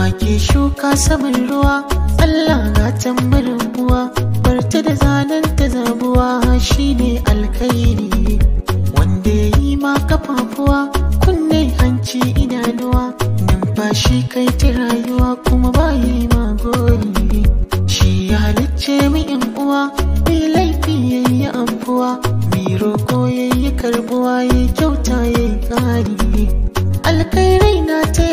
wake shuka saman ruwa Allah ga tambarin buwa barta da zanen ta zabuwa shine alkhairi wanda ya yi ma kafafuwa kunne hanci idanuwa numfashi kai ta rayuwa kuma bayi ma gori shi ya halicce mu in uwa bi laifi yayi amfuwa mai roko yayi karbuwa yayi kyauta yayi kari alkhairai na ta